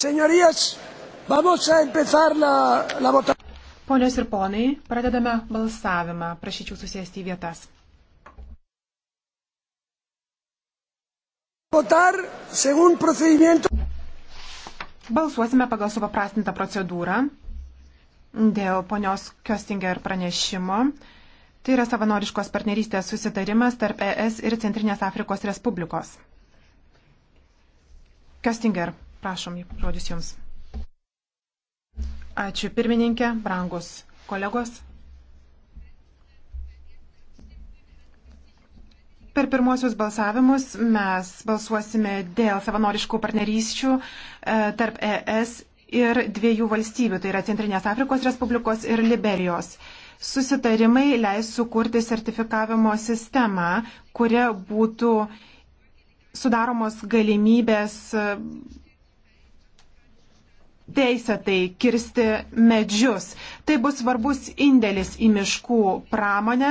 Señorías, vamos a empezar la, la votación. Ponios ir ponai, pradedame balsavimą. Prašyčiau susėsti į vietas. Votar según procedimiento. Balsuosime pagal supaprastintą procedūrą dėl ponios Köstinger pranešimo. Tai yra savanoriškos partnerystės susitarimas tarp ES ir Centrinės Afrikos Respublikos. Köstinger, Prašom, žodis Jums. Ačiū pirmininkė, brangus kolegos. Per pirmosius balsavimus mes balsuosime dėl savanoriškų partnerysčių e, tarp ES ir dviejų valstybių, tai yra Centrinės Afrikos Respublikos ir Liberijos. Susitarimai leis sukurti sertifikavimo sistemą, kuria būtų sudaromos galimybės teisėtai kirsti medžius. Tai bus svarbus indėlis į miškų pramonę.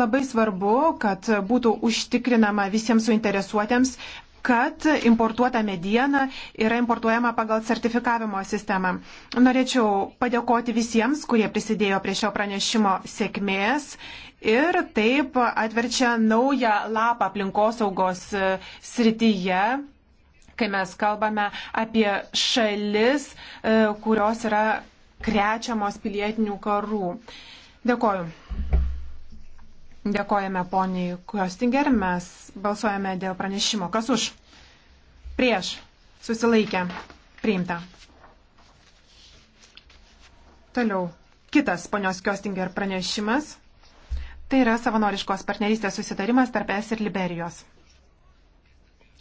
Labai svarbu, kad būtų užtikrinama visiems suinteresuotėms kad importuota mediena yra importuojama pagal sertifikavimo sistemą. Norėčiau padėkoti visiems, kurie prisidėjo prie šio pranešimo sėkmės ir taip atverčia naują lapą aplinkosaugos srityje kai mes kalbame apie šalis, e, kurios yra krečiamos pilietinių karų. Dėkoju. Dėkojame poniai Kostinger, mes balsuojame dėl pranešimo. Kas už? Prieš. Susilaikę. Priimta. Toliau. Kitas ponios Kostinger pranešimas. Tai yra savanoriškos partnerystės susitarimas tarp es ir Liberijos.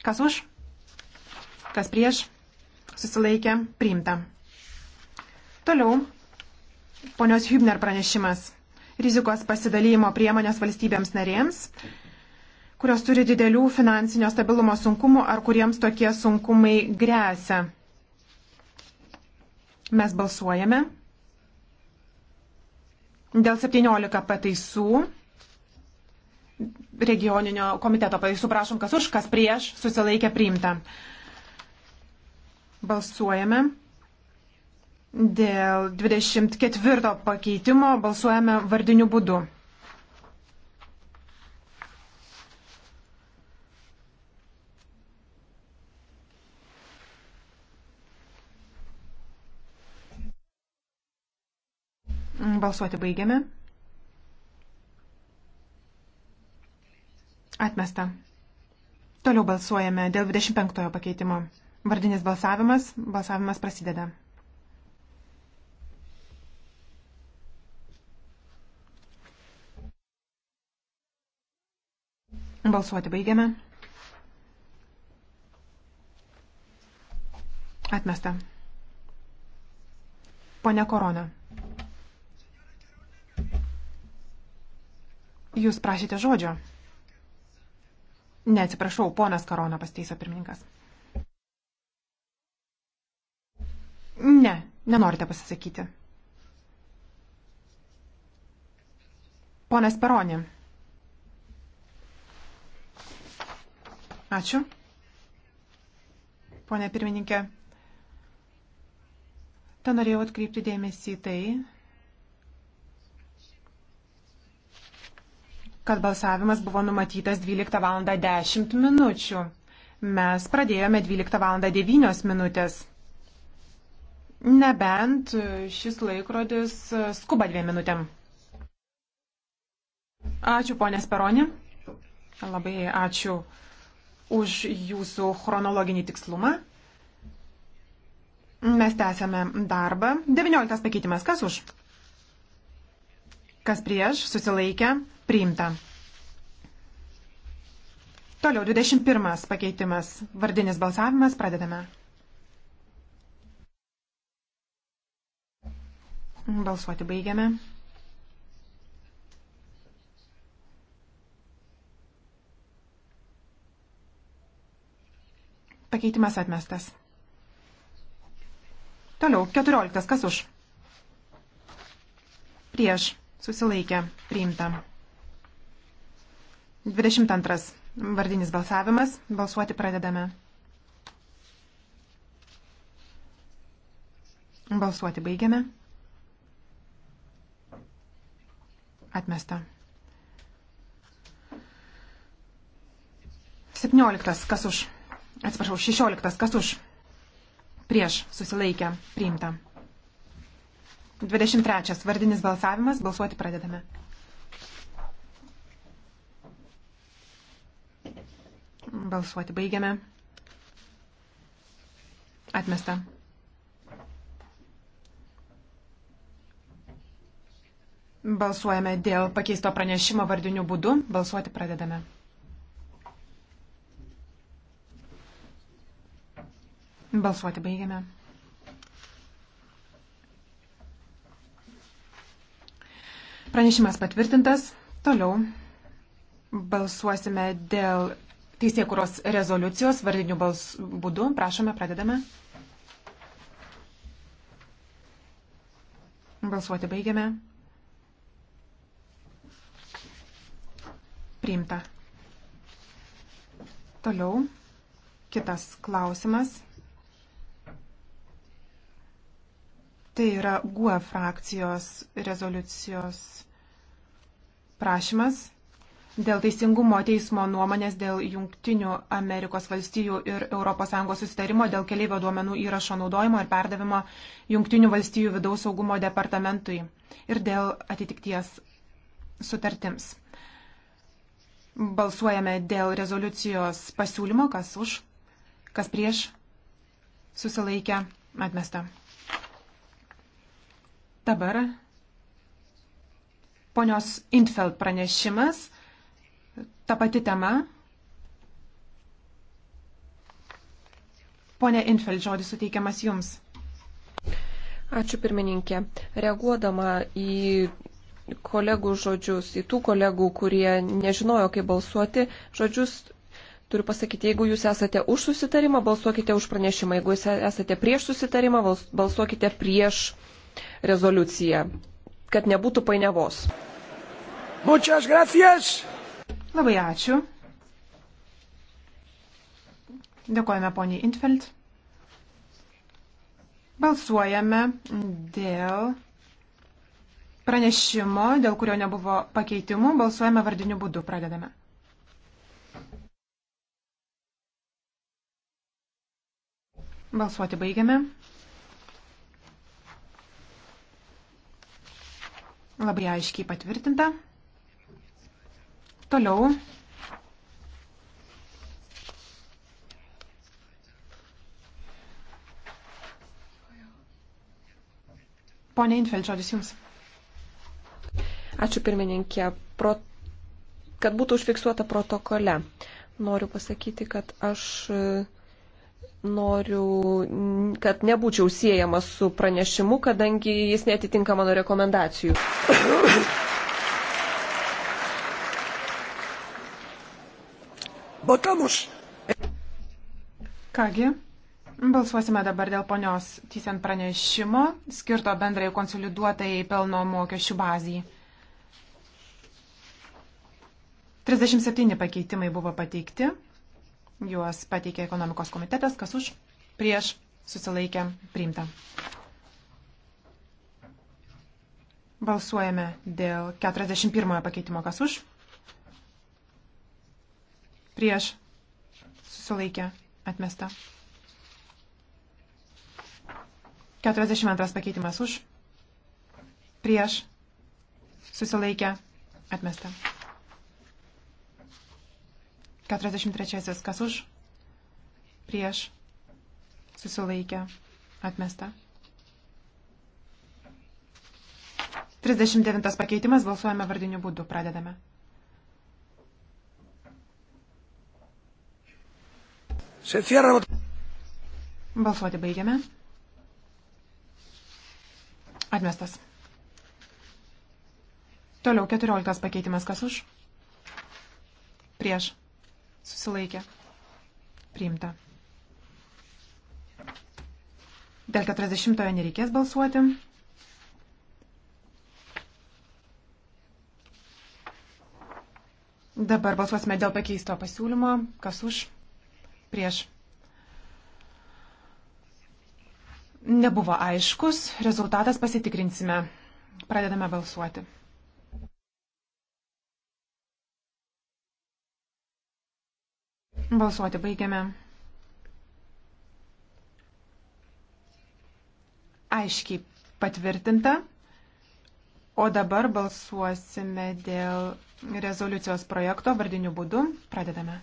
Kas už? kas prieš, susilaikė, priimta. Toliau, ponios Hübner pranešimas. Rizikos pasidalymo priemonės valstybėms narėms, kurios turi didelių finansinio stabilumo sunkumų ar kuriems tokie sunkumai grėsia. Mes balsuojame dėl 17 pataisų regioninio komiteto pataisų. Prašom, kas už, kas prieš, susilaikė priimta. Balsuojame dėl 24 pakeitimo, balsuojame vardiniu būdu. Balsuoti baigiame. Atmesta. Toliau balsuojame dėl 25 pakeitimo. Vardinis balsavimas. Balsavimas prasideda. Balsuoti baigiame. Atmesta. Pone Korona. Jūs prašėte žodžio. Ne, atsiprašau, ponas Korona pasteiso pirmininkas. Ne, nenorite pasisakyti. Ponas Peronė. Ačiū. Pone pirmininkė, ten norėjau atkreipti dėmesį į tai, kad balsavimas buvo numatytas 12 val. 10 minučių. Mes pradėjome 12 val. 9 minutės. Nebent e, šis laikrodis e, skuba dviem minutėm. Ačiū, ponė Speroni. Labai ačiū už jūsų chronologinį tikslumą. Mes tęsiame darbą. 19 pakeitimas. Kas už? Kas prieš? Susilaikę? Priimta. Toliau 21 pakeitimas. Vardinis balsavimas. Pradedame. Balsuoti baigiame. Pakeitimas atmestas. Toliau, 14. Kas už? Prieš. Susilaikė. Priimta. 22. Vardinis balsavimas. Balsuoti pradedame. Balsuoti baigiame. Atmesta. 17. Kas už? Atsiprašau, 16. Kas už? Prieš susilaikę priimta. 23. Vardinis balsavimas. Balsuoti pradedame. Balsuoti baigiame. Atmesta. Balsuojame dėl pakeisto pranešimo vardiniu būdu. Balsuoti pradedame. Balsuoti baigiame. Pranešimas patvirtintas. Toliau balsuosime dėl teisėkuros rezoliucijos vardinių balsų būdų. Prašome, pradedame. Balsuoti baigiame. Priimta. Toliau. Kitas klausimas. Tai yra GUE frakcijos rezoliucijos prašymas dėl teisingumo teismo nuomonės dėl Junktinių Amerikos valstijų ir ES susitarimo dėl keleivio duomenų įrašo naudojimo ir perdavimo Junktinių valstijų vidaus saugumo departamentui ir dėl atitikties sutartims. Balsuojame dėl rezoliucijos pasiūlymo, kas už, kas prieš, susilaikę, atmesta. Dabar ponios Intfeld pranešimas, ta pati tema. Pone Infeld, žodis suteikiamas Jums. Ačiū pirmininkė. Reaguodama į kolegų žodžius, į tų kolegų, kurie nežinojo, kaip balsuoti, žodžius turiu pasakyti, jeigu jūs esate už susitarimą, balsuokite už pranešimą, jeigu jūs esate prieš susitarimą, balsuokite prieš rezoliuciją, kad nebūtų painiavos. Muchas gracias. Labai ačiū. Dėkojame poniai Intfeld. Balsuojame dėl pranešimo, dėl kurio nebuvo pakeitimų, balsuojame vardiniu būdu. Pradedame. Balsuoti baigiame. Labai aiškiai patvirtinta. Toliau. Pone Infeld, žodis jums. Ačiū pirmininkė, pro, kad būtų užfiksuota protokole. Noriu pasakyti, kad aš e, noriu, kad nebūčiau siejamas su pranešimu, kadangi jis netitinka mano rekomendacijų. Botamus. Kągi, balsuosime dabar dėl ponios Tysen pranešimo, skirto bendrai konsoliduotai pelno mokesčių bazijai. 37 pakeitimai buvo pateikti. Juos pateikė ekonomikos komitetas, kas už, prieš, susilaikė, priimta. Balsuojame dėl 41 pakeitimo, kas už, prieš, susilaikė, atmesta. 42 pakeitimas už, prieš, susilaikė, atmesta. 43. Kas už? Prieš. Susilaikė. Atmesta. 39 pakeitimas balsuojame vardiniu būdu. Pradedame. Balsuoti baigiame. Atmestas. Toliau 14 pakeitimas kas už? Prieš. Susilaikė. Priimta. Dėl 40 nereikės balsuoti. Dabar balsuosime dėl pakeisto pasiūlymo. Kas už? Prieš. Nebuvo aiškus. Rezultatas pasitikrinsime. Pradedame balsuoti. Balsuoti baigiame. Aiškiai patvirtinta. O dabar balsuosime dėl rezoliucijos projekto vardiniu būdu. Pradedame.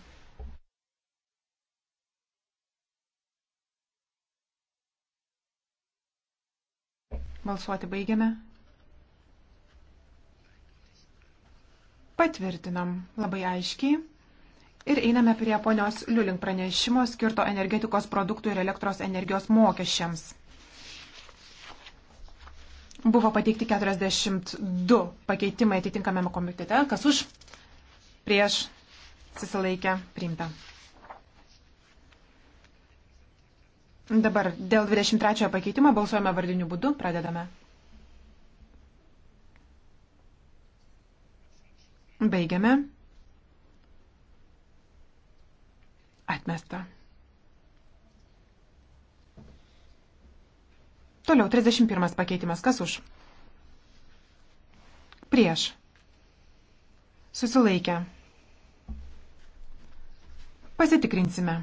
Balsuoti baigiame. Patvirtinam labai aiškiai. Ir einame prie ponios Liulink pranešimo skirto energetikos produktų ir elektros energijos mokesčiams. Buvo pateikti 42 pakeitimai atitinkamame komitete. Kas už? Prieš susilaikę priimta. Dabar dėl 23 pakeitimo balsuojame vardiniu būdu. Pradedame. Baigiame. Atmesta. Toliau 31 pakeitimas. Kas už? Prieš. Susilaikę. Pasitikrinsime.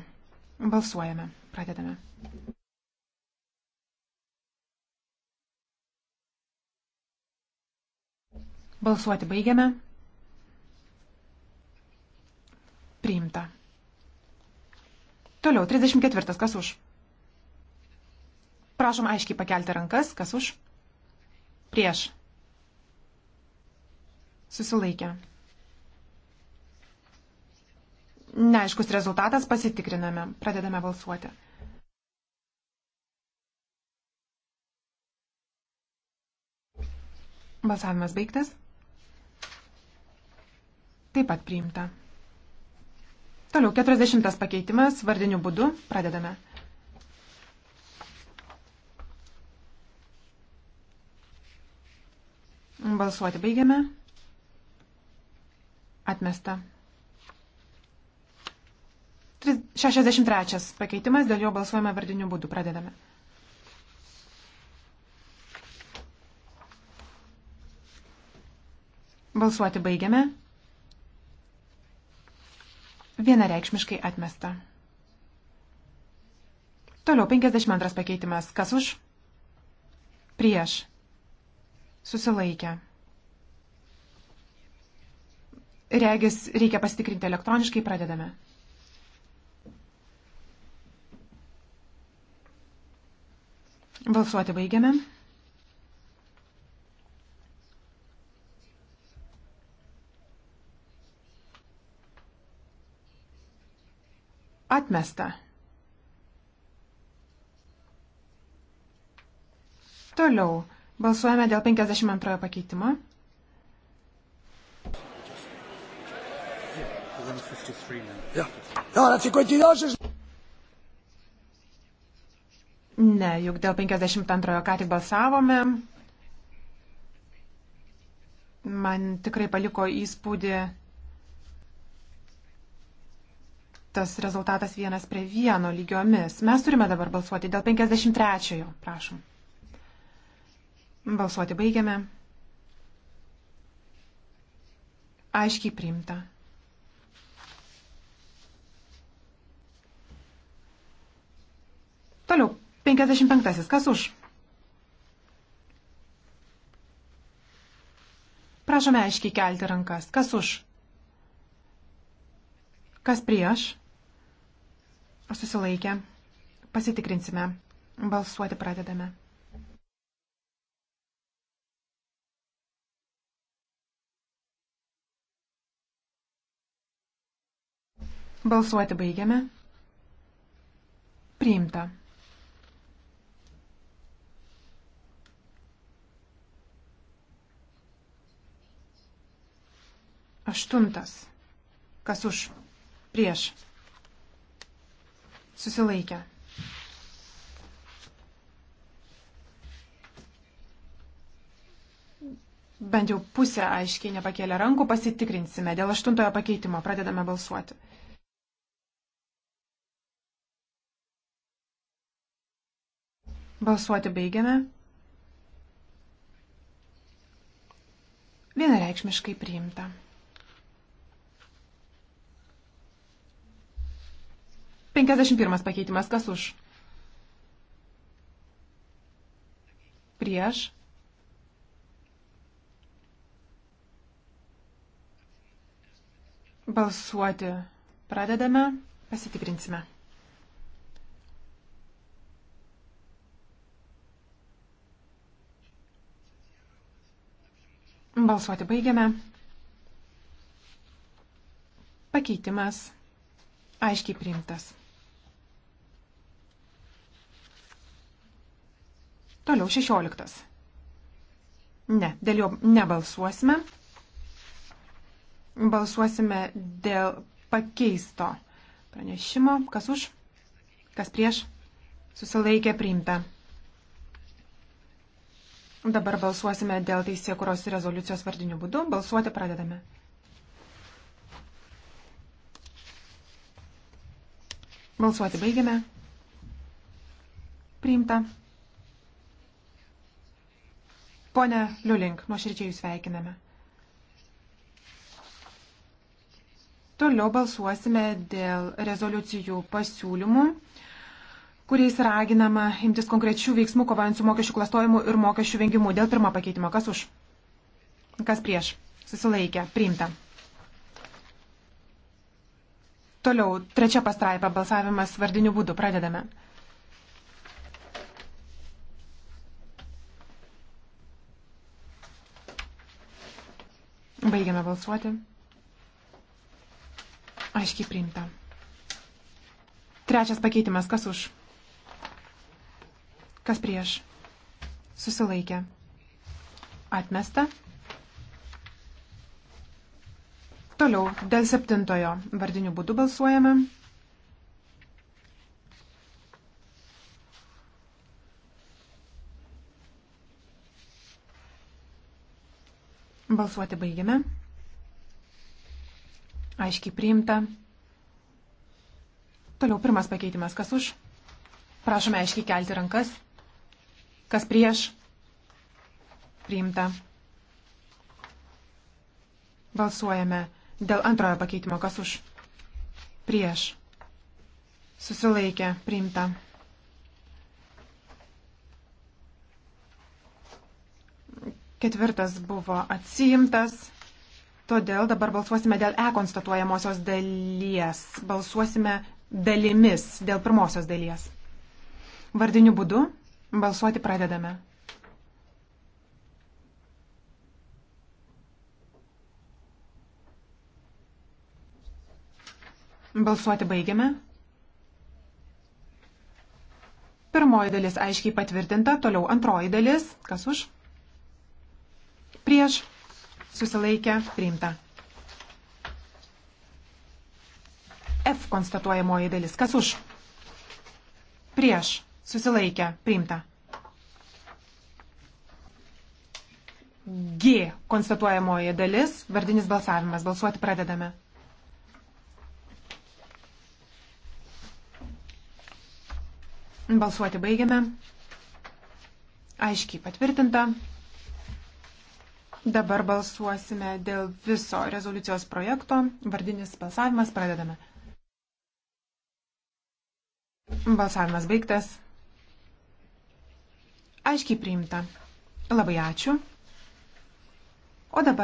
Balsuojame. Pradedame. Balsuoti baigiame. Priimta. Toliau, 34. Kas už? Prašom aiškiai pakelti rankas. Kas už? Prieš. Susilaikę. Neaiškus rezultatas pasitikriname. Pradedame balsuoti. Balsavimas baigtas. Taip pat priimta. Toliau, 40 pakeitimas vardiniu būdu. Pradedame. Balsuoti baigiame. Atmesta. 63 pakeitimas, dėl jo balsuojame vardiniu būdu. Pradedame. Balsuoti baigiame. Vienareikšmiškai atmesta. Toliau 52 pakeitimas. Kas už? Prieš. Susilaikę. Regis reikia pasitikrinti elektroniškai, pradedame. Balsuoti baigiame. Atmesta. Toliau. Balsuojame dėl 52 pakeitimo. Ne, juk dėl 52 ką tik balsavome. Man tikrai paliko įspūdį tas rezultatas vienas prie vieno lygiomis. Mes turime dabar balsuoti dėl 53-ojo, prašom. Balsuoti baigiame. Aiškiai priimta. Toliau, 55-asis, kas už? Prašome aiškiai kelti rankas, kas už? Kas prieš? Susilaikę. Pasitikrinsime. Balsuoti pradedame. Balsuoti baigiame. Priimta. Aštuntas. Kas už? Prieš. Susilaikę. Bent jau pusė aiškiai nepakėlė rankų, pasitikrinsime. Dėl aštuntojo pakeitimo pradedame balsuoti. Balsuoti baigiame. Vienareikšmiškai priimta. 51 pakeitimas. Kas už? Prieš. Balsuoti pradedame, pasitikrinsime. Balsuoti baigiame. Pakeitimas aiškiai priimtas. Toliau 16. Ne, dėl jo nebalsuosime. Balsuosime dėl pakeisto pranešimo. Kas už, kas prieš, susilaikė priimta. Dabar balsuosime dėl teisėkuros rezoliucijos vardiniu būdu. Balsuoti pradedame. Balsuoti baigiame. Priimta. Pone Liulink, nuoširdžiai jūs veikiname. Toliau balsuosime dėl rezoliucijų pasiūlymų, kuriais raginama imtis konkrečių veiksmų kovojant su mokesčių klastojimu ir mokesčių vengimu. Dėl pirmo pakeitimo, kas už? Kas prieš? Susilaikė. Priimta. Toliau, trečia pastraipa, balsavimas vardiniu būdu. Pradedame. Baigiame balsuoti. Aiškiai priimta. Trečias pakeitimas. Kas už? Kas prieš? Susilaikė. Atmesta. Toliau dėl septintojo vardinių būdų balsuojame. Balsuoti baigiame. Aiškiai priimta. Toliau pirmas pakeitimas. Kas už? Prašome aiškiai kelti rankas. Kas prieš? Priimta. Balsuojame dėl antrojo pakeitimo. Kas už? Prieš. Susilaikė. Priimta. Ketvirtas buvo atsiimtas. Todėl dabar balsuosime dėl E konstatuojamosios dalies. Balsuosime dalimis dėl pirmosios dalies. Vardiniu būdu balsuoti pradedame. Balsuoti baigiame. Pirmoji dalis aiškiai patvirtinta, toliau antroji dalis. Kas už? prieš susilaikę priimta. F konstatuojamoji dalis. Kas už? Prieš susilaikę priimta. G konstatuojamoji dalis. Vardinis balsavimas. Balsuoti pradedame. Balsuoti baigiame. Aiškiai patvirtinta. Dabar balsuosime dėl viso rezoliucijos projekto. Vardinis balsavimas pradedame. Balsavimas baigtas. Aiškiai priimta. Labai ačiū. O dabar.